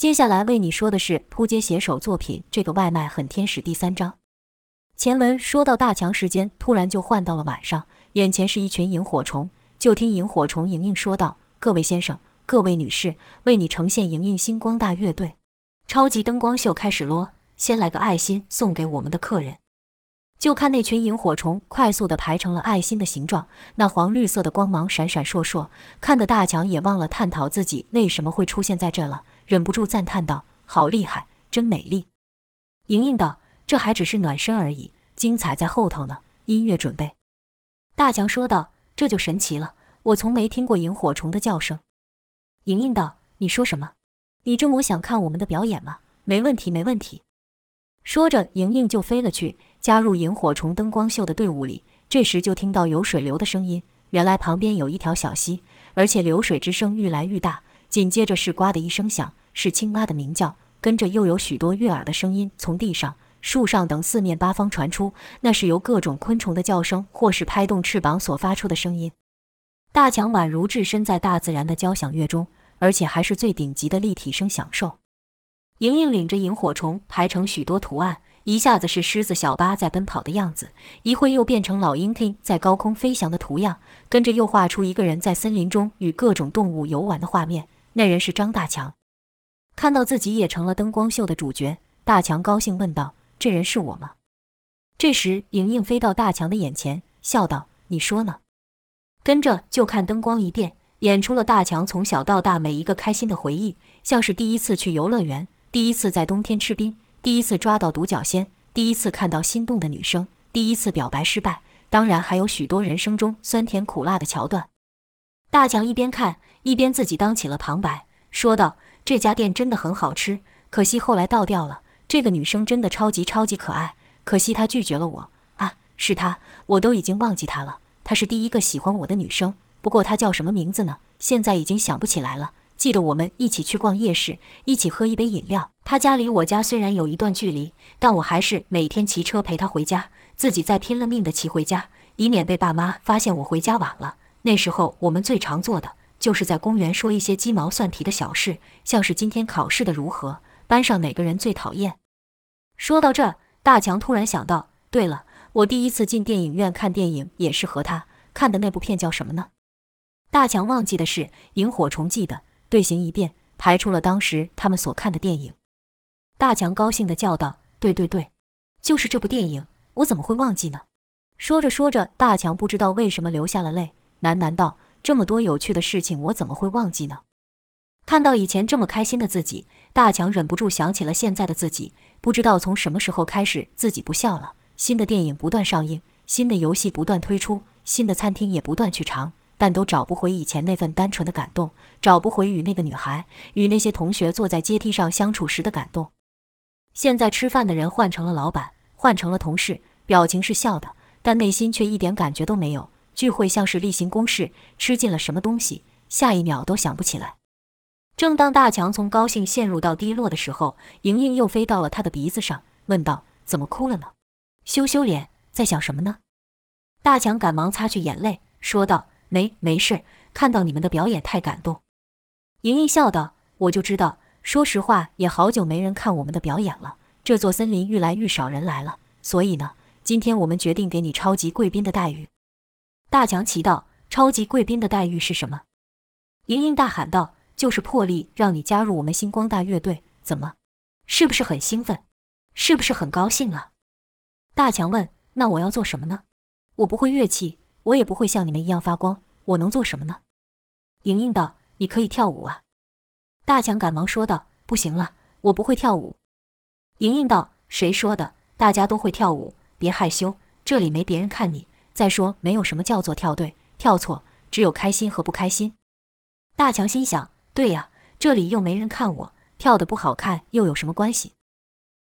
接下來為你說的是撲街寫手作品《這個外賣很天使》第三章。前文說到大強，時間突然就換到了晚上，眼前是一群螢火蟲。就聽螢火蟲瑩瑩說道：“各位先生，各位女士，為你呈現瑩瑩星光大樂隊超級燈光秀開始咯！先來個愛心送給我們的客人。”就看那群螢火蟲快速地排成了愛心的形狀，那黃綠色的光芒閃閃爍爍，看得大強也忘了探討自己為什麼會出現在這了。忍不住讚嘆道：“好厲害，真美麗。”瑩瑩道：“這還只是暖身而已，精彩在後頭呢。”音樂準備，大強說道：“這就神奇了，我從沒聽過螢火蟲的叫聲。”瑩瑩道：“你說什麼？你這麼想看我們的表演嗎？沒問題，沒問題。”說着，瑩瑩就飛了去，加入螢火蟲燈光秀的隊伍裡。這時就聽到有水流的聲音，原來旁邊有一條小溪，而且流水之聲愈來愈大，緊接着是“呱”的一聲響。是青蛙的鳴叫，跟着又有許多悅耳的聲音從地上、樹上等四面八方傳出，那是由各種昆蟲的叫聲或是拍動翅膀所發出的聲音。大強宛如置身在大自然的交響樂中，而且還是最頂級的立體聲享受。瑩瑩領着螢火蟲排成許多圖案，一下子是獅子小巴在奔跑的樣子，一會又變成老鷹在高空飛翔的圖樣，跟着又畫出一個人在森林中與各種動物遊玩的畫面。那人是張大強。看到自己也成了燈光秀的主角，大強高興問道：“這人是我嗎？”這時，瑩瑩飛到大強的眼前，笑道：“你說呢？”跟着就看燈光一變，演出了大強從小到大每一個開心的回憶，像是第一次去遊樂園，第一次在冬天吃冰，第一次抓到獨角仙，第一次看到心動的女生，第一次表白失敗，當然還有許多人生中酸甜苦辣的橋段。大強一邊看一邊自己當起了旁白，說道：這家店真的很好吃，可惜後來倒掉了。這個女生真的超級超級可愛，可惜她拒絕了我啊！是她，我都已經忘記她了。她是第一個喜歡我的女生，不過她叫什麼名字呢？現在已經想不起來了。記得我們一起去逛夜市，一起喝一杯飲料。她家離我家雖然有一段距離，但我還是每天騎車陪她回家，自己再拼了命的騎回家，以免被爸媽發現我回家晚了。那時候我們最常做的。就是在公園說一些雞毛蒜皮的小事，像是今天考試的如何，班上哪個人最討厭。說到這，大強突然想到，對了，我第一次進電影院看電影也是和他看的那部片叫什麼呢？大強忘記的是《螢火蟲記》的隊形一變，排出了當時他們所看的電影。大強高興地叫道：“對對對，就是這部電影，我怎麼會忘記呢？”說着說着，大強不知道為什麼流下了淚，喃喃道。這麼多有趣的事情，我怎麼會忘記呢？看到以前這麼開心的自己，大強忍不住想起了現在的自己。不知道從什麼時候開始，自己不笑了。新的電影不斷上映，新的遊戲不斷推出，新的餐廳也不斷去嘗，但都找不回以前那份單純的感動，找不回與那個女孩、與那些同學坐在階梯上相處時的感動。現在吃飯的人換成了老板，換成了同事，表情是笑的，但內心卻一點感覺都沒有。聚會像是例行公事，吃進了什麼東西，下一秒都想不起來。正當大強從高興陷入到低落的時候，瑩瑩又飛到了他的鼻子上，問道：“怎麼哭了呢？羞羞臉，在想什麼呢？”大強趕忙擦去眼淚，說道：“沒，沒事，看到你們的表演太感動。”瑩瑩笑道：“我就知道，說實話也好久沒人看我們的表演了。這座森林越來越少人來了，所以呢，今天我們決定給你超級貴賓的待遇。”大強奇道：“超級貴賓的待遇是什麼？”瑩瑩大喊道：“就是破例讓你加入我們星光大樂隊，怎麼，是不是很興奮？是不是很高興啊？”大強問：“那我要做什麼呢？我不會樂器，我也不會像你們一樣發光，我能做什麼呢？”瑩瑩道：“你可以跳舞啊！”大強趕忙說道：“不行了，我不會跳舞。”瑩瑩道：“誰說的？大家都會跳舞，別害羞，這裡沒別人看你。”再說，沒有什麼叫做跳對、跳錯，只有開心和不開心。大強心想：對呀，這裡又沒人看我，跳得不好看又有什麼關係？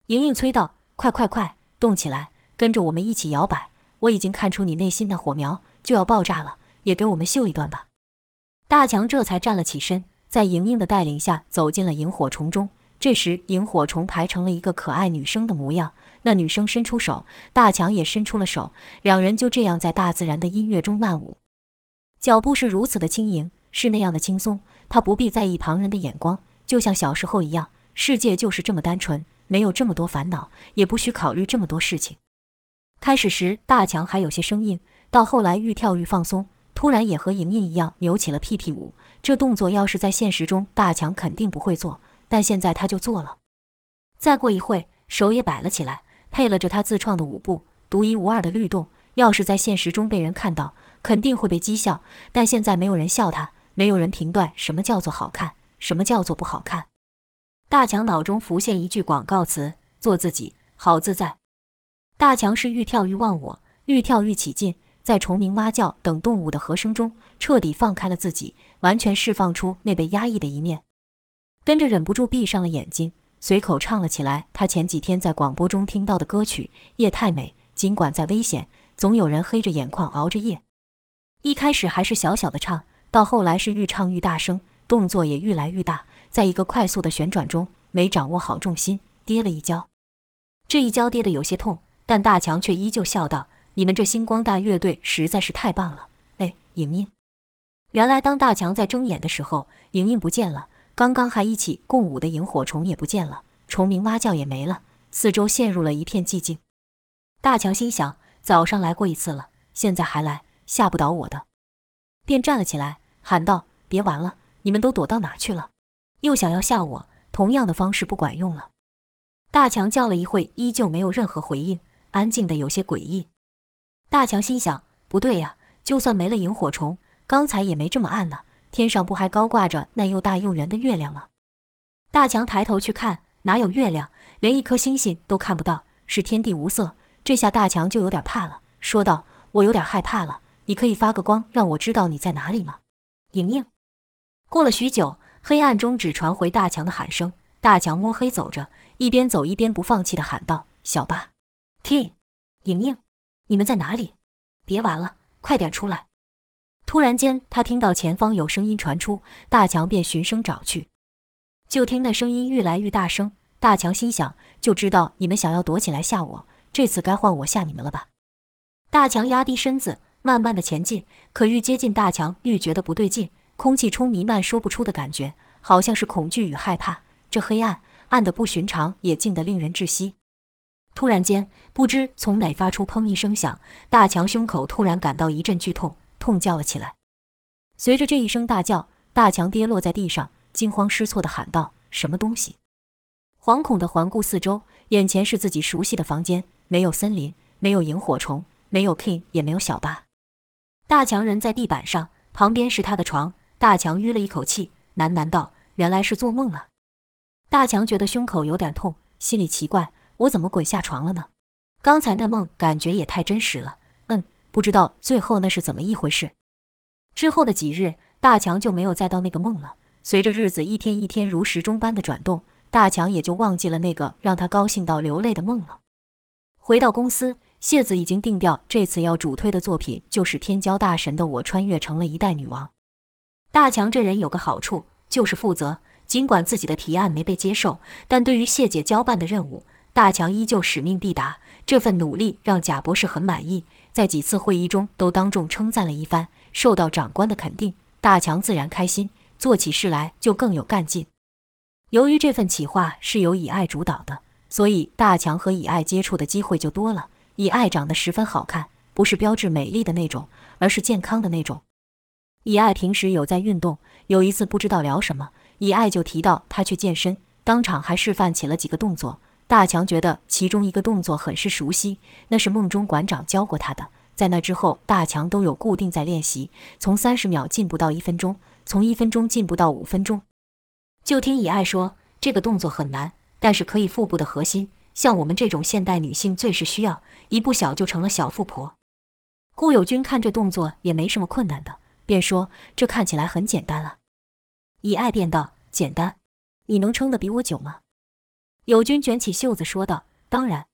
瑩瑩催道：“快快快，動起來，跟着我們一起搖擺！我已經看出你內心的火苗就要爆炸了，也給我們秀一段吧。”大強這才站了起身，在瑩瑩的帶領下走進了螢火蟲中。這時，螢火蟲排成了一個可愛女生的模樣。那女生伸出手，大強也伸出了手，兩人就這樣在大自然的音樂中慢舞，腳步是如此的輕盈，是那樣的輕鬆。他不必在意旁人的眼光，就像小時候一樣，世界就是這麼單純，沒有這麼多煩惱，也不需考慮這麼多事情。開始時，大強還有些生硬，到後來愈跳愈放鬆，突然也和瑩瑩一樣扭起了屁屁舞。這動作要是在現實中，大強肯定不會做。但現在他就做了。再過一會，手也擺了起來，配了着他自創的舞步，獨一無二的律動。要是在現實中被人看到，肯定會被譏笑。但現在沒有人笑他，沒有人評斷什麼叫做好看，什麼叫做不好看。大強腦中浮現一句廣告詞：做自己，好自在。大強是愈跳愈忘我，愈跳愈起勁，在蟲鳴蛙叫等動物的和聲中，徹底放開了自己，完全釋放出那被壓抑的一面。跟着忍不住閉上了眼睛，隨口唱了起來。他前幾天在廣播中聽到的歌曲《夜太美》，儘管再危險，總有人黑着眼眶熬着夜。一開始還是小小的唱，到後來是愈唱愈大聲，動作也愈來愈大。在一個快速的旋轉中，沒掌握好重心，跌了一跤。這一跤跌得有些痛，但大強卻依舊笑道：“你們這星光大樂隊實在是太棒了。誒”哎，瑩瑩，原來當大強在睜眼的時候，瑩瑩不見了。剛剛還一起共舞的螢火蟲也不見了，蟲鳴蛙叫也沒了，四周陷入了一片寂靜。大強心想，早上來過一次了，現在還來，嚇不倒我的，便站了起來，喊道：“別玩了，你們都躲到哪去了？又想要嚇我？同樣的方式不管用了。”大強叫了一會，依舊沒有任何回應，安靜得有些詭異。大強心想，不對呀，就算沒了螢火蟲，剛才也沒這麼暗呢。天上不還高掛着那又大又圓的月亮嗎？大強抬頭去看，哪有月亮？連一顆星星都看不到，是天地無色。這下大強就有點怕了，說道：“我有點害怕了，你可以發個光，讓我知道你在哪裡嗎？”瑩瑩。過了許久，黑暗中只傳回大強的喊聲。大強摸黑走着，一邊走一邊不放棄地喊道：“小八，聽，瑩瑩，你們在哪裡？別玩了，快點出來！”突然間，他聽到前方有聲音傳出，大強便循聲找去。就聽那聲音愈來愈大聲，大強心想：就知道你們想要躲起來嚇我，這次該換我嚇你們了吧。大強壓低身子，慢慢地前進。可愈接近大，大強愈覺得不對勁，空氣中彌漫說不出的感覺，好像是恐懼與害怕。這黑暗，暗得不尋常，也靜得令人窒息。突然間，不知從哪發出“砰”一聲響，大強胸口突然感到一陣劇痛。痛叫了起來。隨着這一聲大叫，大強跌落在地上，驚慌失措地喊道：“什麼東西？”惶恐地環顧四周，眼前是自己熟悉的房間，沒有森林，沒有螢火蟲，沒有 King，也沒有小巴。大強人在地板上，旁邊是他的床。大強吁了一口氣，喃喃道：“原來是做夢了。”大強覺得胸口有點痛，心裡奇怪：“我怎麼滾下床了呢？剛才那夢感覺也太真實了。”不知道最後那是怎麼一回事。之後的幾日，大強就沒有再到那個夢了。隨着日子一天一天如時鐘般的轉動，大強也就忘記了那個讓他高興到流淚的夢了。回到公司，謝子已經定調這次要主推的作品，就是天驕大神的《我穿越成了一代女王》。大強這人有個好處，就是負責。盡管自己的提案沒被接受，但對於謝姐交辦的任務，大強依舊使命必達。這份努力讓賈博士很滿意。在幾次會議中都當眾稱讚了一番。受到長官的肯定，大強自然開心，做起事來就更有幹勁。由於這份企劃是由以愛主導的，所以大強和以愛接觸的機會就多了。以愛長得十分好看，不是標緻美麗的那種，而是健康的那種。以愛平時有在運動，有一次不知道聊什麼，以愛就提到她去健身，當場還示範起了幾個動作。大強覺得其中一個動作很是熟悉，那是夢中館長教過他的。在那之後，大強都有固定在練習，從三十秒進步到一分鐘，從一分鐘進步到五分鐘。就聽以愛說，這個動作很難，但是可以腹部的核心，像我們這種現代女性最是需要，一不小就成了小富婆。顧友軍看這動作也沒什麼困難的，便說：“這看起來很簡單了。”以愛便道：“簡單，你能撐得比我久嗎？”友軍卷起袖子說道：“當然，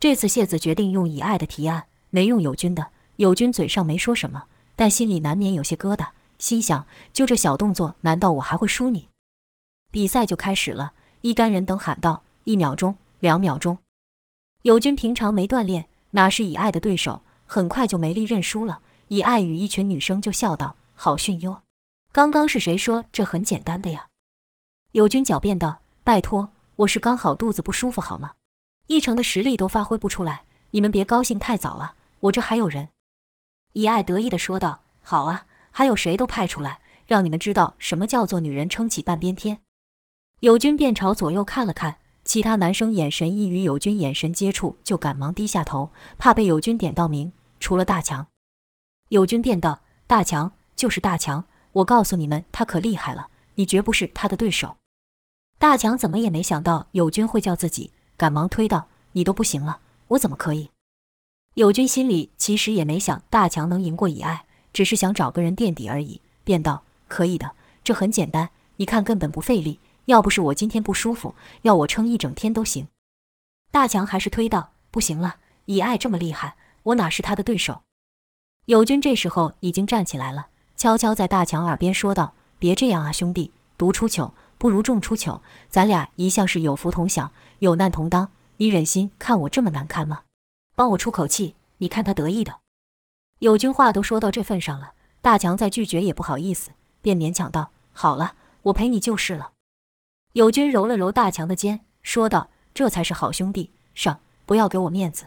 這次謝子決定用以愛的提案，沒用友軍的。友軍嘴上沒說什麼，但心裡難免有些疙瘩，心想：就這小動作，難道我還會輸你？比賽就開始了，一干人等喊道：一秒鐘，兩秒鐘。友軍平常沒鍛鍊，哪是以愛的對手？很快就沒力認輸了。以愛與一群女生就笑道：好遜喲，剛剛是誰說這很簡單的呀？友軍狡辯道：拜托。”我是剛好肚子不舒服好，好嗎？一成的實力都發揮不出來，你們別高興太早了。我這還有人，以愛得意地說道。好啊，還有誰都派出來，讓你們知道什麼叫做女人撐起半邊天。友軍便朝左右看了看，其他男生眼神一與友軍眼神接觸，就趕忙低下頭，怕被友軍點到名。除了大強，友軍便道：“大強就是大強，我告訴你們，他可厲害了，你絕不是他的對手。”大強怎麼也沒想到友軍會叫自己，趕忙推道：“你都不行了，我怎麼可以？”友軍心裡其實也沒想大強能贏過乙愛，只是想找個人墊底而已，便道：“可以的，這很簡單，你看根本不費力。要不是我今天不舒服，要我撐一整天都行。”大強還是推道：“不行了，乙愛這麼厲害，我哪是他的對手？”友軍這時候已經站起來了，悄悄在大強耳邊說道：“別這樣啊，兄弟，獨出糗。”不如眾出糗，咱倆一向是有福同享，有難同當，你忍心看我這麼難堪嗎？幫我出口氣！你看他得意的。友軍話都說到這份上了，大強再拒絕也不好意思，便勉強道：“好了，我陪你就是了。”友軍揉了揉大強的肩，說道：“這才是好兄弟，上！不要給我面子。”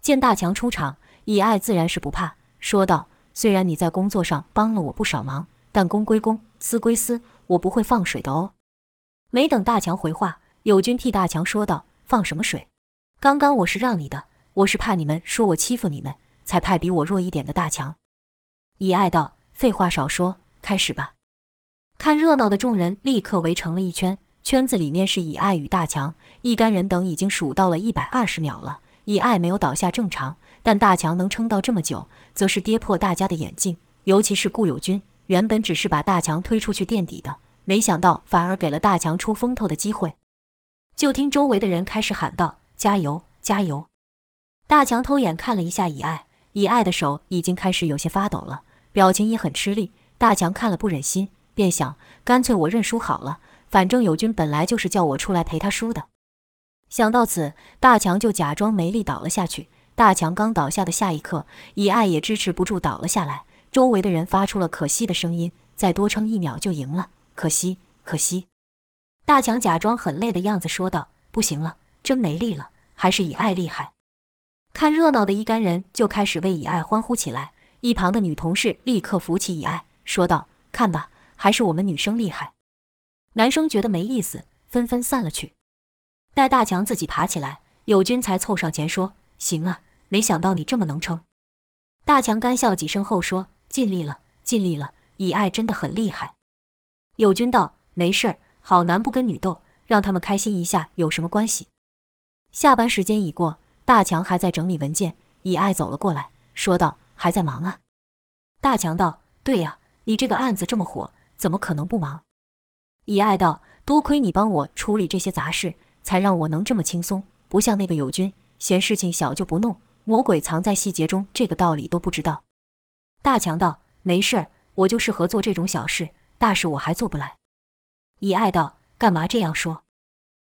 見大強出場，以愛自然是不怕，說道：“雖然你在工作上幫了我不少忙，但公歸公，私歸私。”我不會放水的哦。沒等大強回話，友軍替大強說道：“放什麼水？剛剛我是讓你的，我是怕你們說我欺負你們，才派比我弱一點的大強。”以愛道：“廢話少說，開始吧！”看熱鬧的眾人立刻圍成了一圈，圈子裡面是以愛與大強一干人等，已經數到了一百二十秒了。以愛沒有倒下，正常；但大強能撐到這麼久，則是跌破大家的眼鏡，尤其是顧友軍。原本只是把大強推出去墊底的，沒想到反而給了大強出風頭的機會。就聽周圍的人開始喊道：“加油，加油！”大強偷眼看了一下以愛，以愛的手已經開始有些發抖了，表情也很吃力。大強看了不忍心，便想：“乾脆我認輸好了，反正友軍本來就是叫我出來陪他輸的。”想到此，大強就假裝沒力倒了下去。大強剛倒下的下一刻，以愛也支持不住倒了下來。周圍的人發出了可惜的聲音，再多撐一秒就贏了，可惜，可惜。大強假裝很累的樣子說道：“不行了，真沒力了，還是以愛厲害。”看熱鬧的一干人就開始為以愛歡呼起來。一旁的女同事立刻扶起以愛，說道：“看吧，還是我們女生厲害。”男生覺得沒意思，紛紛散了去。待大強自己爬起來，友軍才湊上前說：“行啊，沒想到你這麼能撐。”大強乾笑幾聲後說。盡力了，盡力了。以愛真的很厲害。友軍道：“沒事，好男不跟女鬥，讓他們開心一下有什麼關係？”下班時間已過，大強還在整理文件。以愛走了過來，說道：“還在忙啊？”大強道：“對呀，啊，你這個案子這麼火，怎麼可能不忙？”以愛道：“多虧你幫我處理這些雜事，才讓我能這麼輕鬆，不像那個友軍，嫌事情小就不弄。魔鬼藏在細節中，這個道理都不知道。”大強道：“沒事兒，我就適合做這種小事，大事我還做不來。”以愛道：“幹嘛這樣說？”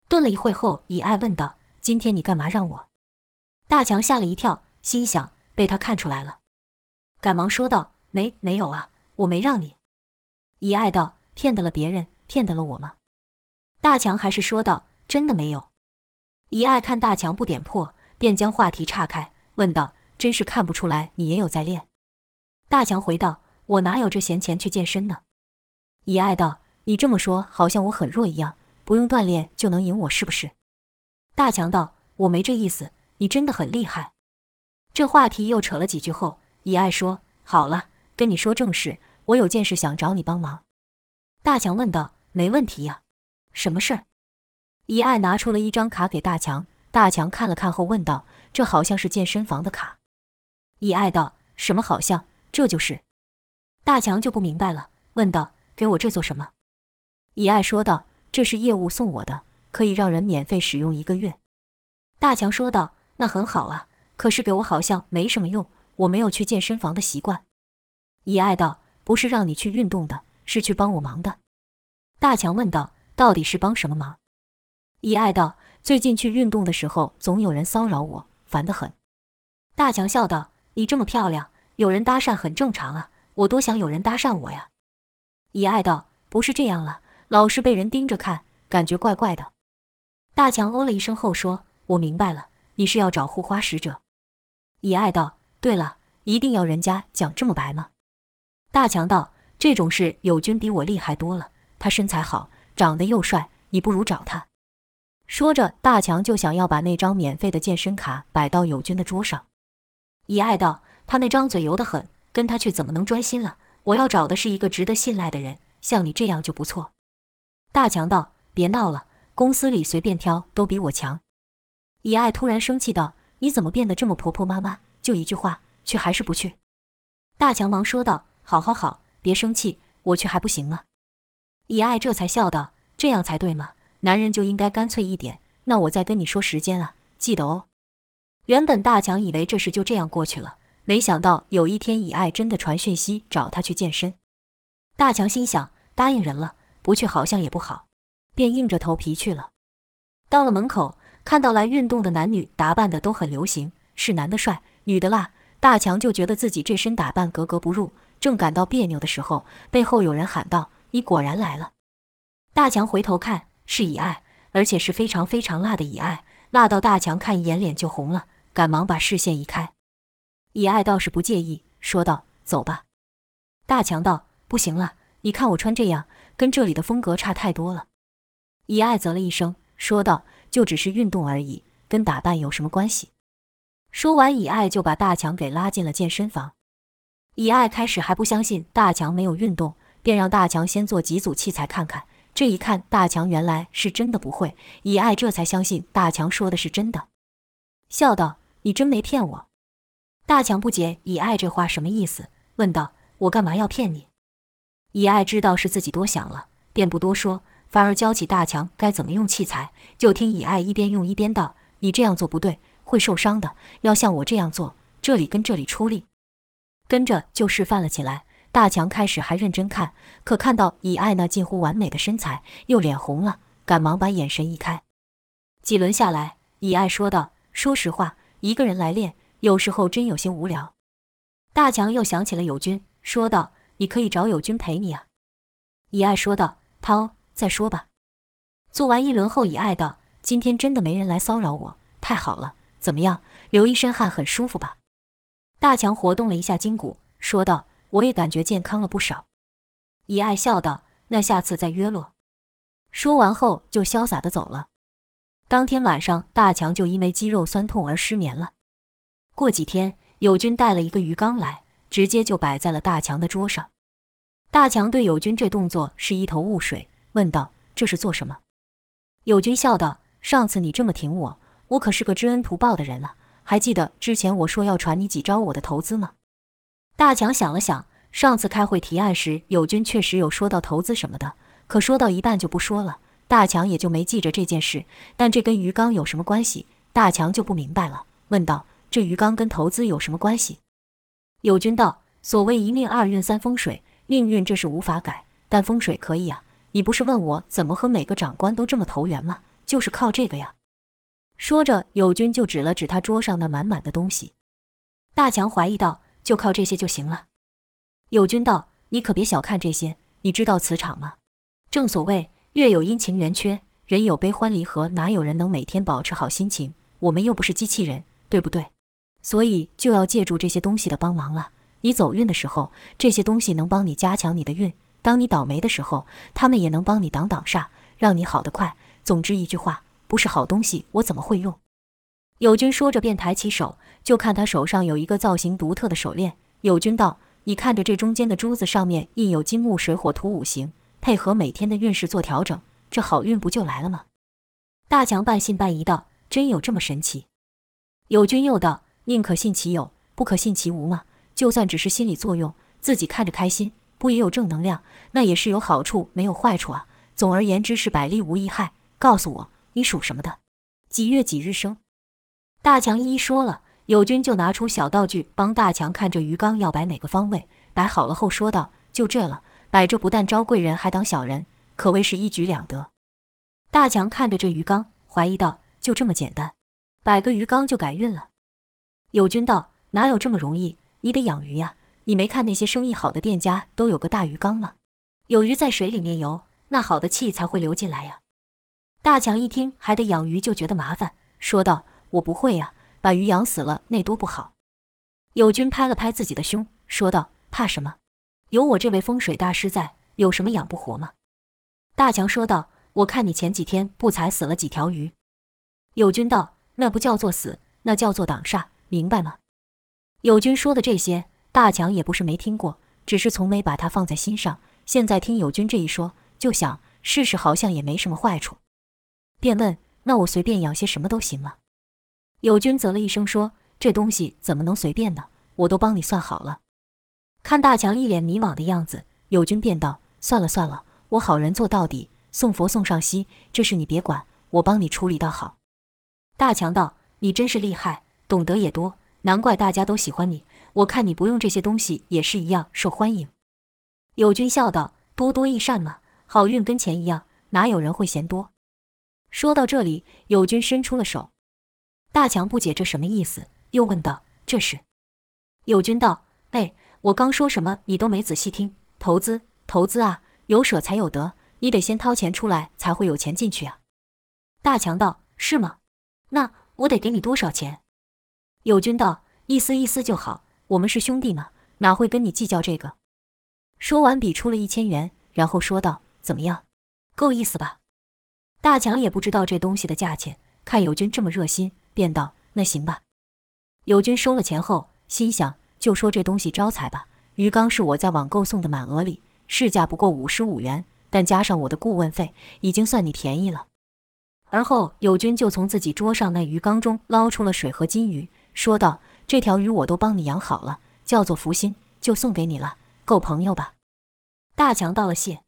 頓了一會後，以愛問道：“今天你幹嘛讓我？”大強嚇了一跳，心想被他看出來了，趕忙說道：“沒沒有啊，我沒讓你。”以愛道：“騙得了別人，騙得了我嗎？”大強還是說道：“真的沒有。”以愛看大強不點破，便將話題岔開，問道：“真是看不出來，你也有在練。”大強回道：“我哪有這閒錢去健身呢？”以愛道：“你這麼說，好像我很弱一樣，不用鍛煉就能贏我，是不是？”大強道：“我沒這意思，你真的很厲害。”這話題又扯了幾句後，以愛說：“好了，跟你說正事，我有件事想找你幫忙。”大強問道：“沒問題呀、啊，什麼事兒？”以愛拿出了一張卡給大強，大強看了看後問道：“這好像是健身房的卡？”以愛道：“什麼好像？”這就是，大強就不明白了，問道：“給我這做什麼？”以愛說道：“這是業務送我的，可以讓人免費使用一個月。”大強說道：“那很好啊，可是給我好像沒什麼用，我沒有去健身房的習慣。”以愛道：“不是讓你去運動的，是去幫我忙的。”大強問道：“到底是幫什麼忙？”以愛道：“最近去運動的時候，總有人騷擾我，煩得很。”大強笑道：“你這麼漂亮。”有人搭訕很正常啊，我多想有人搭訕我呀。乙愛道，不是這樣了，老是被人盯着看，感覺怪怪的。大強哦了一聲後說：“我明白了，你是要找護花使者。”乙愛道：“對了，一定要人家講這麼白嗎？”大強道：“這種事友軍比我厲害多了，他身材好，長得又帥，你不如找他。”說着，大強就想要把那張免費的健身卡擺到友軍的桌上。乙愛道。他那張嘴油得很，跟他去怎麼能專心了？我要找的是一個值得信賴的人，像你這樣就不錯。大強道：“別鬧了，公司裡隨便挑都比我強。”以愛突然生氣道：“你怎麼變得這麼婆婆媽媽？就一句話，去還是不去？”大強忙說道：“好好好，別生氣，我去還不行嗎、啊？”以愛這才笑道：“這樣才對嘛，男人就應該乾脆一點。那我再跟你說時間了、啊，記得哦。”原本大強以為這事就這樣過去了。沒想到有一天，以愛真的傳訊息找他去健身。大強心想，答應人了，不去好像也不好，便硬着頭皮去了。到了門口，看到來運動的男女打扮的都很流行，是男的帥，女的辣。大強就覺得自己這身打扮格格不入，正感到彆扭的時候，背後有人喊道：“你果然來了。”大強回頭看，是以愛，而且是非常非常辣的以愛，辣到大強看一眼臉就紅了，趕忙把視線移開。以愛倒是不介意，說道：“走吧。”大強道：“不行了，你看我穿這樣，跟這裡的風格差太多了。”以愛嘖了一聲，說道：“就只是運動而已，跟打扮有什麼關係？”說完，以愛就把大強給拉進了健身房。以愛開始還不相信大強沒有運動，便讓大強先做幾組器材看看。這一看，大強原來是真的不會，以愛這才相信大強說的是真的，笑道：“你真沒騙我。”大強不解，以愛這話什麼意思？問道：“我幹嘛要騙你？”以愛知道是自己多想了，便不多說，反而教起大強該怎麼用器材。就聽以愛一邊用一邊道：“你這樣做不對，會受傷的。要像我這樣做，這裡跟這裡出力。”跟着就示範了起來。大強開始還認真看，可看到以愛那近乎完美的身材，又臉紅了，趕忙把眼神移開。幾輪下來，以愛說道：“說實話，一個人來練。”有時候真有些無聊，大強又想起了友軍，說道：“你可以找友軍陪你啊。”乙愛說道：“濤，再說吧。”做完一輪後，乙愛道：“今天真的沒人來騷擾我，太好了！怎麼樣，流一身汗很舒服吧？”大強活動了一下筋骨，說道：“我也感覺健康了不少。”乙愛笑道：“那下次再約咯。”說完後就瀟灑地走了。當天晚上，大強就因為肌肉痠痛而失眠了。過幾天，友軍帶了一個魚缸來，直接就擺在了大強的桌上。大強對友軍這動作是一頭霧水，問道：“這是做什麼？”友軍笑道：“上次你這麼挺我，我可是個知恩圖報的人了。還記得之前我說要傳你幾招我的投資嗎？”大強想了想，上次開會提案時，友軍確實有說到投資什麼的，可說到一半就不說了。大強也就沒記着這件事，但這跟魚缸有什麼關係？大強就不明白了，問道。這魚缸跟投資有什麼關係？友軍道：“所謂一命二運三風水，命運這是無法改，但風水可以啊。你不是問我怎麼和每個長官都這麼投緣嗎？就是靠這個呀。”說着，友軍就指了指他桌上那滿滿的東西。大強懷疑道：“就靠這些就行了？”友軍道：“你可別小看這些。你知道磁場嗎？正所謂月有陰晴圓缺，人有悲歡離合，哪有人能每天保持好心情？我們又不是機器人，對不對？”所以就要借助這些東西的幫忙了。你走運的時候，這些東西能幫你加強你的運；當你倒霉的時候，他們也能幫你擋擋煞，讓你好得快。總之一句話，不是好東西，我怎麼會用？友軍說着，便抬起手，就看他手上有一個造型獨特的手鏈。友軍道：“你看着這中間的珠子，上面印有金木水火土五行，配合每天的運勢做調整，這好運不就來了嗎？”大強半信半疑道：“真有這麼神奇？”友軍又道：寧可信其有，不可信其無嘛。就算只是心理作用，自己看着開心，不也有正能量？那也是有好處，沒有壞處啊。總而言之，是百利無一害。告訴我，你屬什麼的？幾月幾日生？大強一一說了，友軍就拿出小道具幫大強看着魚缸要擺哪個方位。擺好了後說道：“就這了，擺這不但招貴人，還擋小人，可謂是一舉兩得。”大強看着這魚缸，懷疑道：“就這麼簡單，擺個魚缸就改運了？”友軍道：“哪有這麼容易？你得養魚呀！你沒看那些生意好的店家都有個大魚缸嗎？有魚在水裡面游，那好的氣才會流進來呀。”大強一聽還得養魚，就覺得麻煩，說道：“我不會呀，把魚養死了，那多不好。”友軍拍了拍自己的胸，說道：“怕什麼？有我這位風水大師在，有什麼養不活嗎？”大強說道：“我看你前幾天不才死了幾條魚？”友軍道：“那不叫做死，那叫做擋煞。”明白嗎？友軍說的這些，大強也不是沒聽過，只是從沒把它放在心上。現在聽友軍這一說，就想試試，好像也沒什麼壞處，便問：“那我隨便養些什麼都行嗎？”友軍嘖了一聲說：“這東西怎麼能隨便呢？我都幫你算好了。”看大強一臉迷茫的樣子，友軍便道：“算了算了，我好人做到底，送佛送上西，這事你別管，我幫你處理到好。”大強道：“你真是厲害。”懂得也多，難怪大家都喜歡你。我看你不用這些東西也是一樣受歡迎。友軍笑道：“多多益善嘛，好運跟錢一樣，哪有人會嫌多？”說到這裡，友軍伸出了手。大強不解這什麼意思，又問道：“這是？”友軍道：“誒，我剛說什麼你都沒仔細聽。投資，投資啊，有捨才有得，你得先掏錢出來，才會有錢進去啊。”大強道：“是嗎？那我得給你多少錢？”友軍道：“意思意思就好，我們是兄弟嘛，哪會跟你計較這個。”說完，比出了一千元，然後說道：“怎麼樣，夠意思吧？”大強也不知道這東西的價錢，看友軍這麼熱心，便道：“那行吧。”友軍收了錢後，心想：“就說這東西招財吧。魚缸是我在網購送的滿額禮，市價不過五十五元，但加上我的顧問費，已經算你便宜了。”而後，友軍就從自己桌上那魚缸中撈出了水和金魚。說道：“這條魚我都幫你養好了，叫做福星，就送給你了，夠朋友吧？”大強道了謝。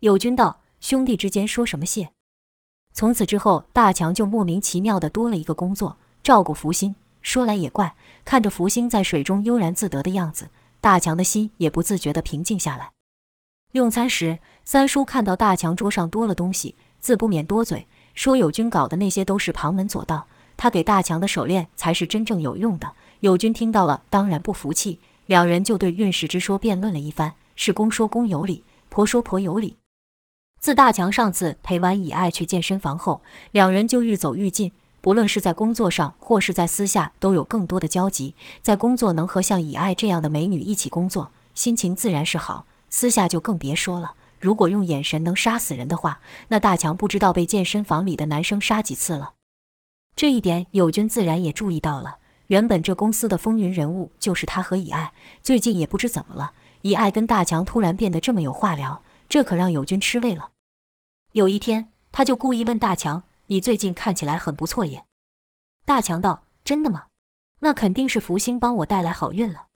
友軍道：“兄弟之間說什麼謝？”從此之後，大強就莫名其妙的多了一個工作，照顧福星。說來也怪，看着福星在水中悠然自得的樣子，大強的心也不自覺的平靜下來。用餐時，三叔看到大強桌上多了東西，自不免多嘴，說友軍搞的那些都是旁門左道。他給大強的手鏈才是真正有用的。友軍聽到了，當然不服氣，兩人就對運勢之說辯論了一番，是公說公有理，婆說婆有理。自大強上次陪完以愛去健身房後，兩人就愈走愈近，不論是在工作上，或是在私下，都有更多的交集。在工作能和像以愛這樣的美女一起工作，心情自然是好；私下就更別說了。如果用眼神能殺死人的話，那大強不知道被健身房裡的男生殺幾次了。這一點友軍自然也注意到了。原本這公司的風雲人物就是他和以愛，最近也不知怎麼了，以愛跟大強突然變得這麼有話聊，這可讓友軍吃味了。有一天，他就故意問大強：“你最近看起來很不錯耶。”大強道：“真的嗎？那肯定是福星幫我帶來好運了。”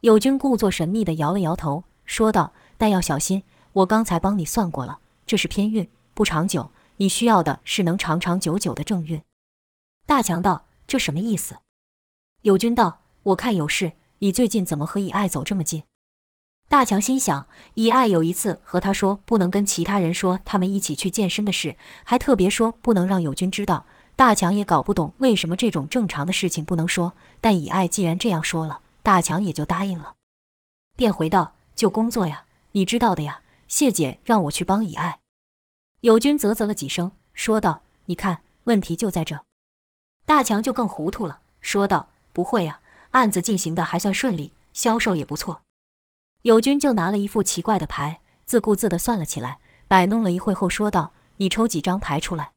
友軍故作神秘地搖了搖頭，說道：“但要小心，我剛才幫你算過了，這是偏運，不長久。你需要的是能長長久久的正運。”大強道：“這什麼意思？”友軍道：“我看有事，你最近怎麼和以愛走這麼近？”大強心想：以愛有一次和他說不能跟其他人說他們一起去健身的事，還特別說不能讓友軍知道。大強也搞不懂為什麼這種正常的事情不能說，但以愛既然這樣說了，大強也就答應了，便回道：“就工作呀，你知道的呀。”謝姐讓我去幫以愛。友軍嘖嘖了幾聲，說道：“你看，問題就在這。”大強就更糊塗了，說道：“不會啊，案子進行得還算順利，銷售也不錯。”友軍就拿了一副奇怪的牌，自顧自地算了起來，擺弄了一會後說道：“你抽幾張牌出來？”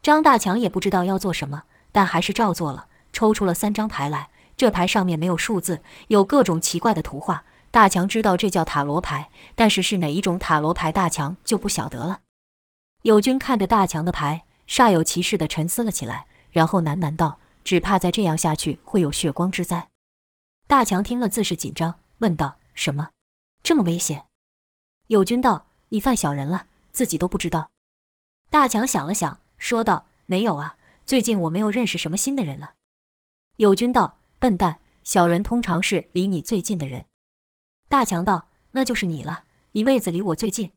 張大強也不知道要做什麼，但還是照做了，抽出了三張牌來。這牌上面沒有數字，有各種奇怪的圖畫。大強知道這叫塔羅牌，但是是哪一種塔羅牌，大強就不曉得了。友軍看着大強的牌，煞有其事地沉思了起來。然後喃喃道：“只怕再這樣下去，會有血光之災。”大強聽了，自是緊張，問道：“什麼？這麼危險？”友軍道：“你犯小人了，自己都不知道。”大強想了想，說道：“沒有啊，最近我沒有認識什麼新的人了。”友軍道：“笨蛋，小人通常是離你最近的人。”大強道：“那就是你了，你位子離我最近。”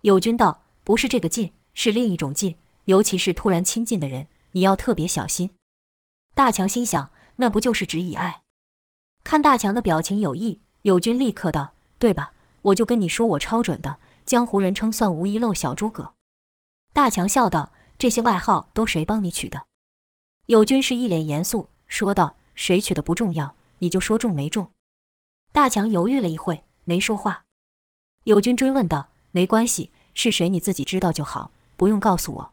友軍道：“不是這個近，是另一種近，尤其是突然親近的人。”你要特別小心。大強心想，那不就是指乙愛？看大強的表情有異，友軍立刻道：“對吧？我就跟你說，我超準的，江湖人稱算無遺漏小諸葛。”大強笑道：“這些外號都誰幫你取的？”友軍是一臉嚴肅說道：“誰取的不重要，你就說中沒中。”大強猶豫了一會，沒說話。友軍追問道：“沒關係，是誰你自己知道就好，不用告訴我。”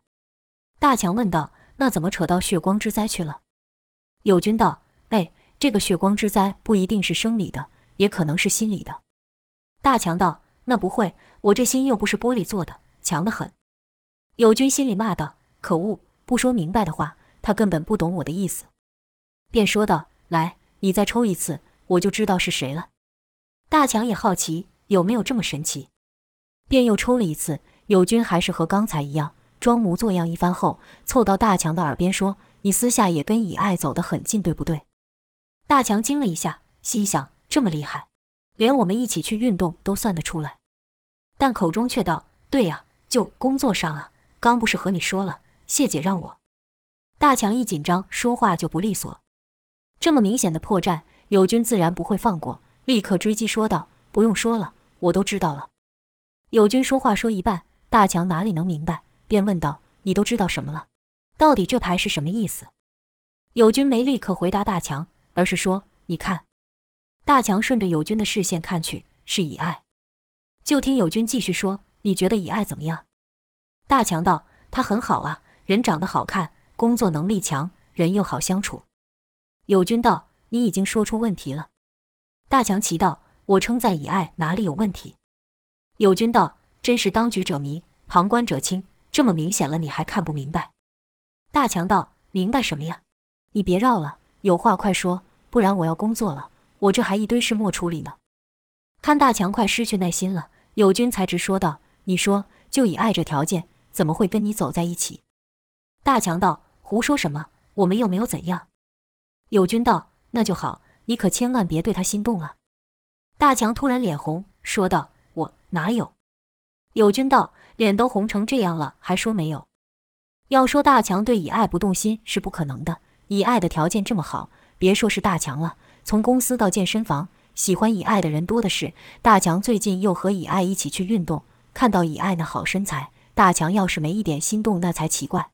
大強問道。那怎麼扯到血光之災去了？友軍道：“哎，這個血光之災不一定是生理的，也可能是心理的。”大強道：“那不會，我這心又不是玻璃做的，強得很。”友軍心裡罵道：“可惡，不說明白的話，他根本不懂我的意思。”便說道：“來，你再抽一次，我就知道是誰了。”大強也好奇有沒有這麼神奇，便又抽了一次，友軍還是和剛才一樣。裝模作樣一番後，湊到大強的耳邊說：“你私下也跟以愛走得很近，對不對？”大強驚了一下，心想：“這麼厲害，連我們一起去運動都算得出來。”但口中卻道：“對呀，就工作上啊，剛不是和你說了，謝姐讓我……”大強一緊張，說話就不利索。這麼明顯的破綻，友軍自然不會放過，立刻追擊說道：“不用說了，我都知道了。”友軍說話說一半，大強哪裡能明白？便問道：“你都知道什麼了？到底這牌是什麼意思？”友軍沒立刻回答大強，而是說：“你看。”大強順着友軍的視線看去，是以愛。就聽友軍繼續說：“你覺得以愛怎麼樣？”大強道：“他很好啊，人長得好看，工作能力強，人又好相處。”友軍道：“你已經說出問題了。”大強奇道：“我稱讚以愛哪裡有問題？”友軍道：“真是當局者迷，旁觀者清。”這麼明顯了，你還看不明白？大強道：“明白什麼呀？你別繞了，有話快說，不然我要工作了。我這還一堆事沒處理呢。”看大強快失去耐心了，友軍才直說道：“你說，就以愛這條件，怎麼會跟你走在一起？”大強道：“胡說什麼？我們又沒有怎樣。”友軍道：“那就好，你可千萬別對他心動了啊。”大強突然臉紅，說道：“我哪有？”友軍道。臉都紅成這樣了，還說沒有？要說大強對以愛不動心是不可能的，以愛的條件這麼好，別說是大強了，從公司到健身房，喜歡以愛的人多的是。大強最近又和以愛一起去運動，看到以愛那好身材，大強要是沒一點心動那才奇怪。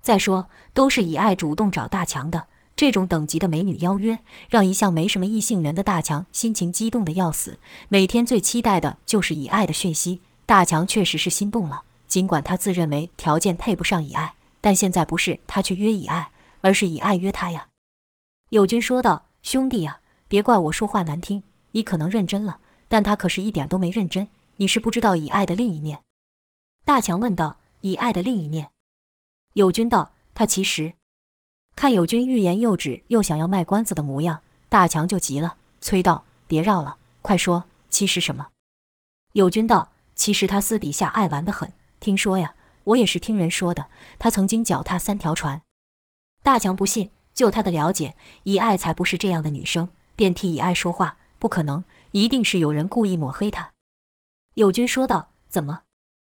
再說都是以愛主動找大強的，這種等級的美女邀約，讓一向沒什麼異性緣的大強心情激動得要死，每天最期待的就是以愛的訊息。大強確實是心動了，儘管他自認為條件配不上以愛，但現在不是他去約以愛，而是以愛約他呀。友軍說道：“兄弟呀，別怪我說話難聽，你可能認真了，但他可是一點都沒認真。你是不知道以愛的另一面。”大強問道：“以愛的另一面？”友軍道：“他其實……”看友軍欲言又止，又想要賣關子的模樣，大強就急了，催道：“別繞了，快說，其實什麼？”友軍道。其實他私底下愛玩的很，聽說呀，我也是聽人說的。他曾經腳踏三條船。大強不信，就他的了解，以愛才不是這樣的女生，便替以愛說話。不可能，一定是有人故意抹黑他。友軍說道：“怎麼，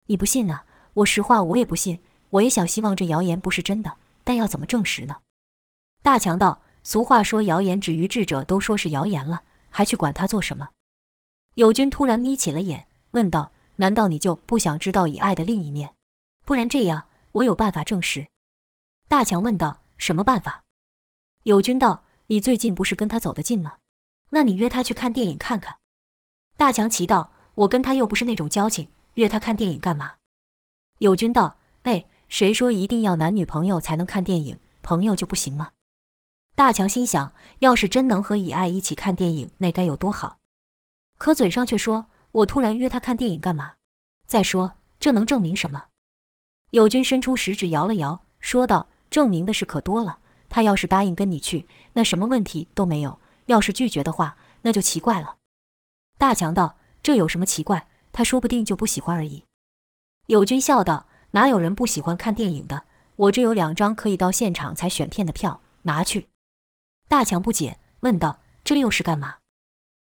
你不信呢、啊？我實話，我也不信。我也想希望這謠言不是真的，但要怎麼證實呢？”大強道：“俗話說，謠言止於智者，都說是謠言了，還去管他做什麼？”友軍突然眯起了眼，問道。難道你就不想知道以愛的另一面？不然這樣，我有辦法證實。”大強問道。“什麼辦法？”友軍道。“你最近不是跟他走得近嗎？那你約他去看電影看看。”大強奇道：“我跟他又不是那種交情，約他看電影幹嘛？”友軍道：“哎，誰說一定要男女朋友才能看電影？朋友就不行嗎？”大強心想：“要是真能和以愛一起看電影，那該有多好！”可嘴上卻說。我突然約他看電影幹嘛？再說，這能證明什麼？友軍伸出食指搖了搖，說道：“證明的事可多了。他要是答應跟你去，那什麼問題都沒有；要是拒絕的話，那就奇怪了。”大強道：“這有什麼奇怪？他說不定就不喜歡而已。”友軍笑道：“哪有人不喜歡看電影的？我這有兩張可以到現場才選片的票，拿去。”大強不解，問道：“這又是幹嘛？”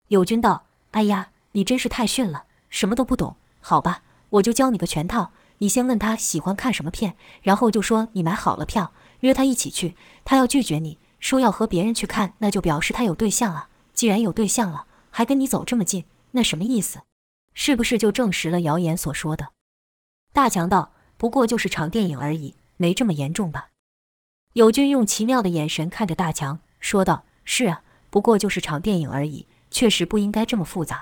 友軍道：“哎呀。”你真是太遜了，什麼都不懂。好吧，我就教你個全套。你先問他喜歡看什麼片，然後就說你買好了票，約他一起去。他要拒絕你說要和別人去看，那就表示他有對象了。既然有對象了，還跟你走這麼近，那什麼意思？是不是就證實了謠言所說的？大強道：“不過就是場電影而已，沒這麼嚴重吧？”友軍用奇妙的眼神看着大強，說道：“是啊，不過就是場電影而已，確實不應該這麼複雜。”